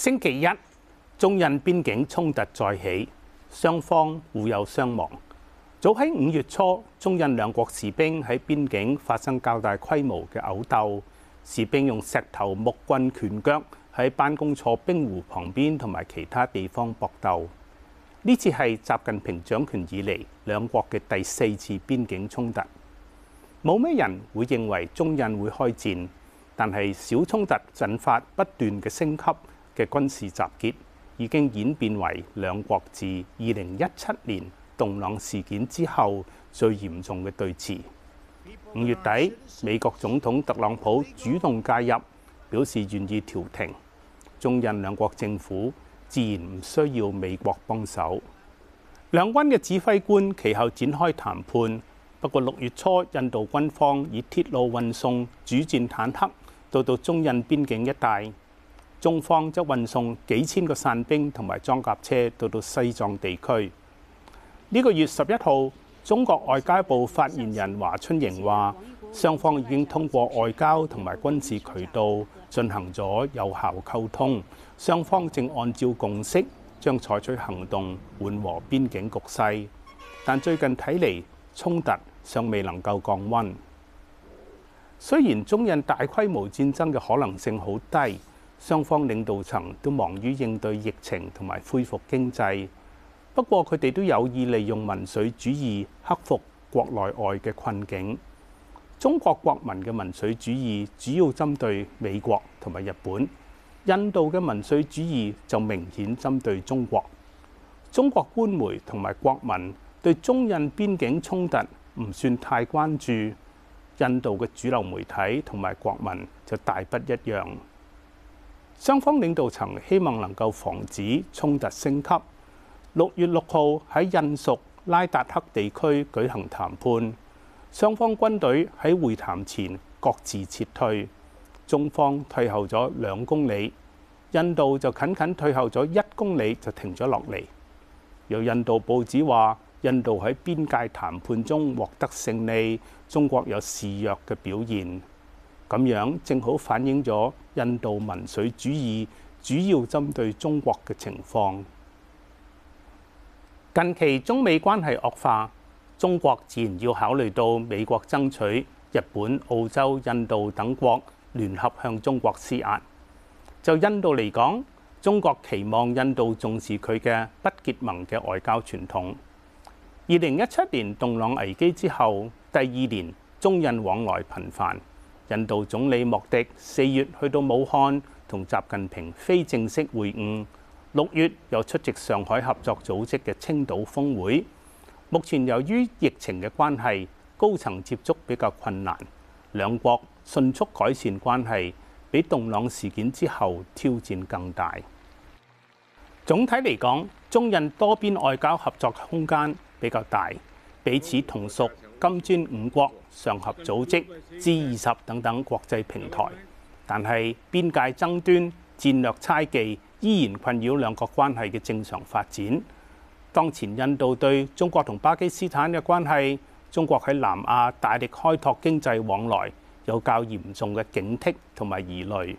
星期一，中印邊境衝突再起，雙方互有傷亡。早喺五月初，中印兩國士兵喺邊境發生較大規模嘅毆鬥，士兵用石頭、木棍、拳腳喺班公錯冰湖旁邊同埋其他地方搏鬥。呢次係習近平掌權以嚟兩國嘅第四次邊境衝突，冇咩人會認為中印會開戰，但係小衝突進發不斷嘅升級。嘅軍事集結已經演變為兩國自二零一七年洞朗事件之後最嚴重嘅對峙。五月底，美國總統特朗普主動介入，表示願意調停。中印兩國政府自然唔需要美國幫手。兩軍嘅指揮官其後展開談判，不過六月初，印度軍方以鐵路運送主戰坦克到到中印邊境一帶。中方則運送幾千個傘兵同埋裝甲車到到西藏地區。呢個月十一號，中國外交部發言人華春瑩話，雙方已經通過外交同埋軍事渠道進行咗有效溝通，雙方正按照共識將採取行動緩和邊境局勢。但最近睇嚟，衝突尚未能夠降温。雖然中印大規模戰爭嘅可能性好低。雙方領導層都忙於應對疫情同埋恢復經濟，不過佢哋都有意利用民粹主義克服國內外嘅困境。中國國民嘅民粹主義主要針對美國同埋日本，印度嘅民粹主義就明顯針對中國。中國官媒同埋國民對中印邊境衝突唔算太關注，印度嘅主流媒體同埋國民就大不一樣。雙方領導層希望能夠防止衝突升級。六月六號喺印屬拉達克地區舉行談判，雙方軍隊喺會談前各自撤退，中方退後咗兩公里，印度就僅僅退後咗一公里就停咗落嚟。有印度報紙話，印度喺邊界談判中獲得勝利，中國有示弱嘅表現。咁樣正好反映咗印度民粹主義主要針對中國嘅情況。近期中美關係惡化，中國自然要考慮到美國爭取日本、澳洲、印度等國聯合向中國施壓。就印度嚟講，中國期望印度重視佢嘅不結盟嘅外交傳統。二零一七年洞朗危機之後，第二年中印往來頻繁。印度總理莫迪四月去到武漢同習近平非正式會晤，六月又出席上海合作組織嘅青島峰會。目前由於疫情嘅關係，高層接觸比較困難，兩國迅速改善關係，比洞朗事件之後挑戰更大。總體嚟講，中印多邊外交合作空間比較大。彼此同屬金磚五國、上合組織、G 二十等等國際平台，但係邊界爭端、戰略猜忌依然困擾兩國關係嘅正常發展。當前印度對中國同巴基斯坦嘅關係，中國喺南亞大力開拓經濟往來，有較嚴重嘅警惕同埋疑慮。